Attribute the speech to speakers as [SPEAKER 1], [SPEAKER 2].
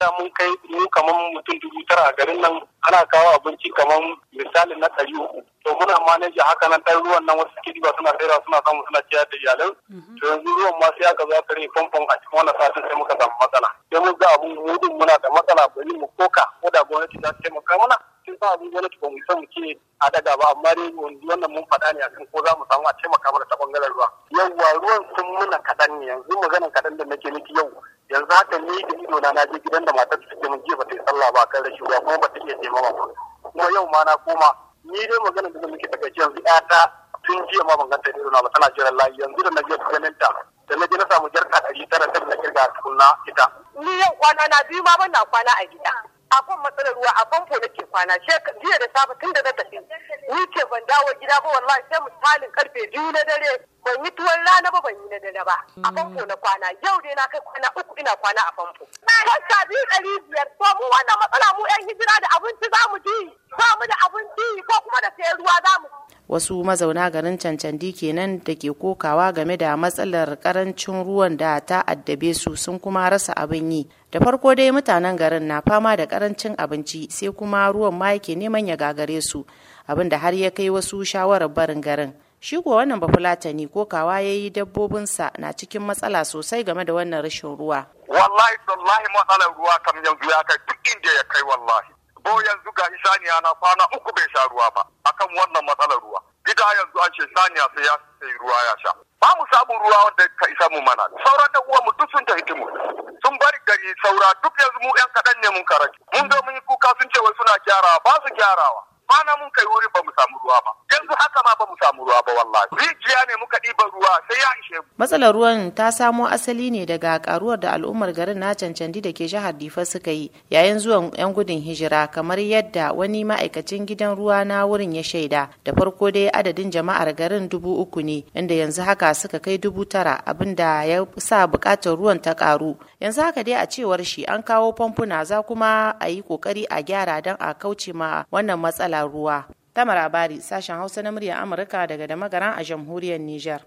[SPEAKER 1] da mun kai mu kamar mutum dubu tara a garin nan ana kawo abinci kamar misali na ɗari uku to muna manaja haka nan ɗan ruwan nan wasu suke diba suna rera suna samu suna ciyar da iyalan mhm. to yanzu ruwan ma sai aka zo aka rage famfon a cikin wannan satin sai muka samu matsala sai mun ga abun mudun muna da matsala bari mu koka ko da gwamnati za ta taimaka mana sai sa abun gwamnati ba mu san ce a daga ba amma dai wannan mun faɗa ne akan ko za mu samu a taimaka mana ta ɓangaren ruwa yawwa ruwan sun muna kaɗan ne yanzu maganin kaɗan da na ni da ido na je gidan da matar take mun ta yi sallah ba kan rashin ruwa kuma ba iya ba kuma yau ma na koma ni dai magana da muke takaice yanzu ƴata tun jiya ma ban ganta ido na ba tana jiran layi yanzu da na je ganin ta da na je na samu jarka ɗari tara ta na kirga tukunna ita. Ni yau kwana na biyu ma
[SPEAKER 2] ban na kwana a gida. A kan matsalar ruwa a famfo nake kwana jiya da safe tun da na tafi. Ni ce ban dawo gida ba wallahi sai misalin karfe biyu na dare ban yi ba a famfo na kwana yau dai na kai kwana uku ina kwana a famfo. Kwanta biyu ɗari biyar Ko mu wannan matsala mu 'yan hijira da abinci za mu ji ba mu da abinci ko kuma da sayar ruwa za mu
[SPEAKER 3] wasu mazauna garin cancandi kenan da ke kokawa game da matsalar karancin ruwan da ta addabe su sun kuma rasa abin yi da farko dai mutanen garin na fama da karancin abinci sai kuma ruwan ma yake neman ya gagare su abin da har ya kai wasu shawarar barin garin Shi kuwa wannan bafulatani ko kawa ya yi dabbobinsa na cikin matsala sosai game da wannan rashin ruwa. Wallahi wallahi
[SPEAKER 1] matsalar ruwa kam yanzu ya kai duk inda ya kai wallahi. Bo yanzu ga saniya na kwana uku bai sha ruwa ba akan wannan matsalar ruwa. Gida yanzu an ce saniya sai ya sai ruwa ya sha. Ba mu samun ruwa wanda ka isa mu mana. Sauran da uwa mu duk sun tafi mu. Sun bari gari saura duk yanzu mu 'yan kaɗan ne mun karaki. Mun zo mun yi kuka sun ce wai suna gyarawa ba su gyarawa. kwana mun kai wuri ba mu samu ruwa ba yanzu haka ma ba mu samu ruwa ba wallahi rijiya ne muka ɗiba ruwa sai ya ishe mu
[SPEAKER 3] matsalar ruwan ta samo asali ne daga karuwar da al'ummar garin na cancanci da ke jihar difa suka yi yayin zuwan yan gudun hijira kamar yadda wani ma'aikacin gidan ruwa na wurin ya shaida da farko dai adadin jama'ar garin dubu uku ne inda yanzu haka suka kai dubu tara abinda ya sa bukatar ruwan ta karu yanzu haka dai a cewar shi an kawo famfuna za kuma a yi kokari a gyara don a kauce ma wannan matsala ruwa. Tamara sashen Hausa na murya Amurka daga da magaran a jamhuriyar Nijar.